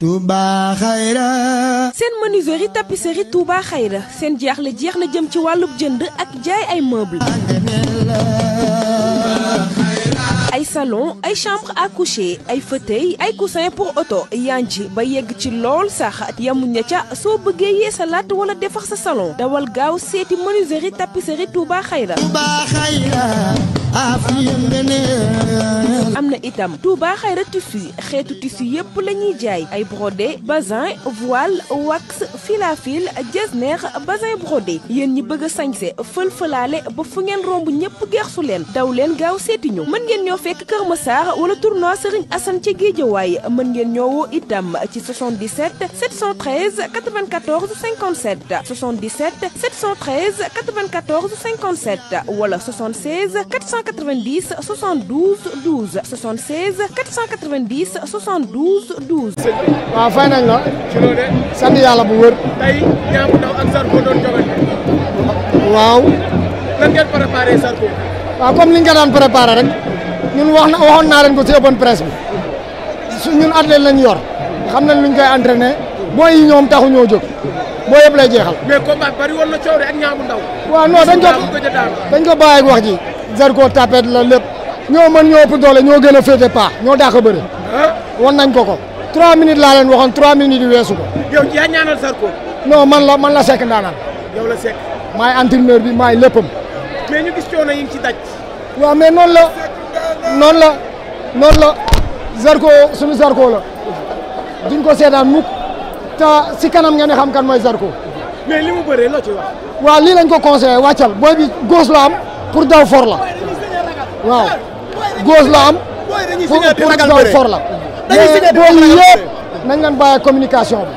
Touba Khayra. seen menuiserie tapisserie Touba Khayra seen jaaxle jeex na jëm ci wàllub jënd ak jaay ay meubles. ay salon ay chambre à coucher ay fauteuil ay coussin pour auto yanji ba yegg ci lool sax yamu na ca soo bëggee yee salaat wala defar sa salon dawal gaaw seeti menuiserie tapisserie Touba Khayra. Touba Khayra. am na itam Touba Xayra tissu xeetu tissu yépp la ñuy jaay ay brodé bazin voile wax fil à fil jesner bazin brodé yéen ñi bëgg a sañse fël-fëlaale ba fu ngeen romb ñépp geexsu leen daw leen gaaw seeti ñu mën ngeen ñoo fekk Kër Massar wala tournoi Serigne Assane ca Géejawaay mën ngeen ñoo woo itam ci 77 713 94 57 77 713 94 57 wala 76 400 490 72 12 76 490 72 12. waaw fay nañ la. ci loolu de. sant yàlla bu wër. tey ñaam ndaw ak Zarko doon jogante. waaw. lan ngeen préparé Zarko. waaw comme ni ñu ko daan préparé rek ñun wax na waxoon naa leen ko ci open bi su ñun athlète lañ yor xam nañ luñ koy entraîné booy yi ñoom taxu ñoo jóg boo yëpp lay jeexal. mais combat bari woon ak ñaamu dañ ko dañ ko wax ji. Zarko tapet la lépp ñoo mën ñoo ëpp doole ñoo gën a féete paax ñoo daa ko bëri ah. wan nañ ko ko trois minutes laa leen waxoon trois minutes yu weesu ko. yow yaa ñaanal Zarko. non man la man la sekk ndaanaan. yow la sekk. maay entraîneur bi maay léppam. mais ñu gis coono yi ngi ci daj. waaw mais noonu la noonu la noonu la Zarko suñu Zarko la duñ ko seetaan mukk ta si kanam ngeen di xam kan mooy Zarko. mais li mu bëree loo ci waa lii lañ ko conseillé wàccal booy bi góos la am. pour daw for la waaw góos am. pour pour daw for la. mais loolu yëpp nañ leen bàyyi communication bi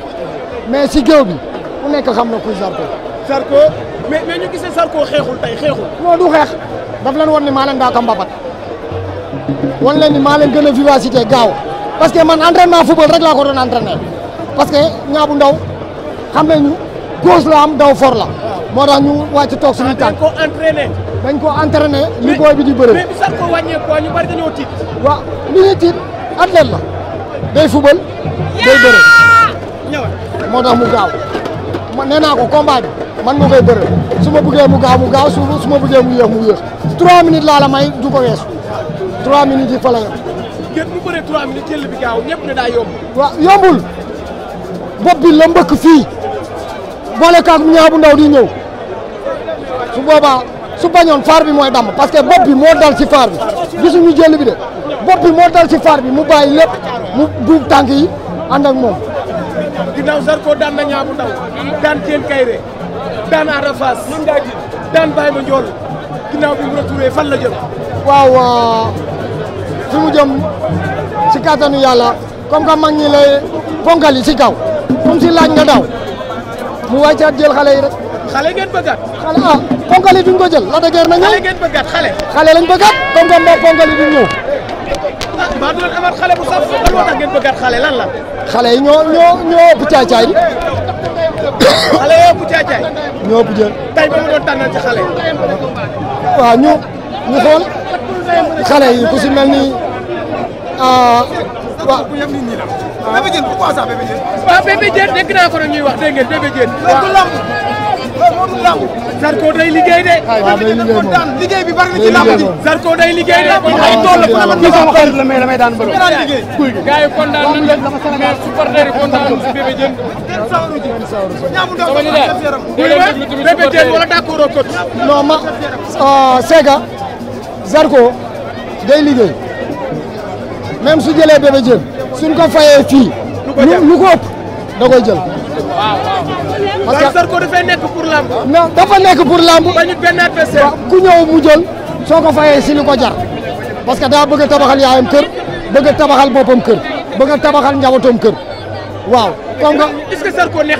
mais si géew bi ku nekk xam na kuy Zarko. Zarko mais mais ñu gisee Zarko xeexul tey xeexul. non du xeex daf leen wan ni maa daa ko mbabat wan leen ni maa leen a vivacité gaaw parce que man entraînement football rek laa ko doon entraîner parce que ñaabu ndaw xam nañu góos la am daw for la moo tax ñu wàcc toog suñu ah, tànk ko dañ ko entraîné li booy bi di bëre. mais bi sax ko wàññee poids ñu bari dañoo tiit. waaw li ñuy tiit athlète la day fubal day bëre. ñëw moo tax mu gaaw man nee naa ko combat bi man nga koy bëre su ma bëggee mu gaaw mu gaaw su su ma bëggee mu yéex mu yéex 3 minutes laa la may du ko weesu 3 minutes yi fa yombul bopp bi la mbëkk boole kaag ñaa bu di ñëw su boobaa. su bañoon faar bi mooy damm parce que bopp bi moo dal ci faar bi gisuñu jël bi de bopp bi moo dal ci bi mu lépp mu duub tànk yi ànd ak moom. ginnaaw Zarko daan na ñaabu ndaw daan Diène Kairé daan Ada Fass daan Baye Mandione ginnaaw bi mu fan la jëm. waaw euh, fi mu jëm ci kattanu yàlla comme que mag ñi lay ponkal yi ci kaw comme rek. xale ah, yi duñ ko jël. la de guerre na lañ bëggat comme que mbaa ponkal yi la. xale yi ñoo ñoo ñoo ëpp caacaay bi. xale yoo ëpp caacaay. ñoo ëpp jël. xale yi. ku si ni ah waaw. waaw Bébé ñuy wax dégg ngeen Bébé moo dul lamb Zarko day liggéey de. waaw ah, day liggéey moom liggéey bi bari na ci lamb ji. Zarko day liggéey de. ay tool la fa la ko sama xarit la mais damay daan bëri. gars yi kontaan nañ la mais supporter yi kontaan nañ si Bébé Diène. Bébé Diène wala d'accord ak coach. non ma ah, Sega Zarko day liggéey même su jëlee Bébé Diène suñ ko fayee fii. lu ko ëpp da koy jël. waaw waaw. parce que Zarko dafay nekk pour lamb. non dafa nekk pour lamb. bañu benn adversaire ku ñëw mu soo ko fayee si li ko jar parce que daa bëgg a tabaxal yaayam kër bëgg a tabaxal boppam kër bëgg a tabaxal njabootam kër waaw. comme nga est-ce que Zarko na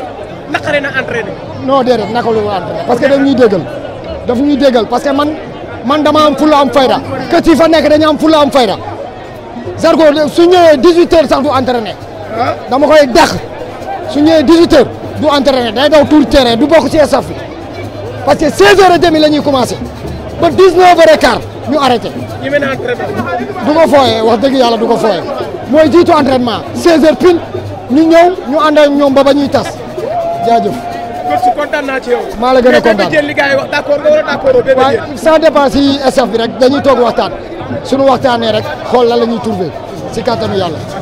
entraîné. non déedéet naka parce que daf ñuy déggal daf ñuy déggal parce que man man dama am fulla am fayda que ci fa nekk dañu am fulla am fayda Zarko su ñëwee 18 heures sax du entraîné ah. dama koy dax su ñëwee 18 heures. du entraîné day daw tout terrain du bokk ci staff bi parce que 16 heures et demi la ñuy commencé ba 19 heures et quart ñu arrêté. du ko fooyee wax dëgg yàlla du ko fooyee mooy jiitu entraînement 16 heures pile ñu ñëw ñu ànd ak ñoom ba ba ñuy tas jaajëf. coach kontaan naa maa la gën a kontaan mais li gars yi wax d' a d' accord bébé waaye sans dépense yi rek dañuy toog waxtaan suñu waxtaanee rek xool lan la ñuy trouvé si kàttanu yàlla.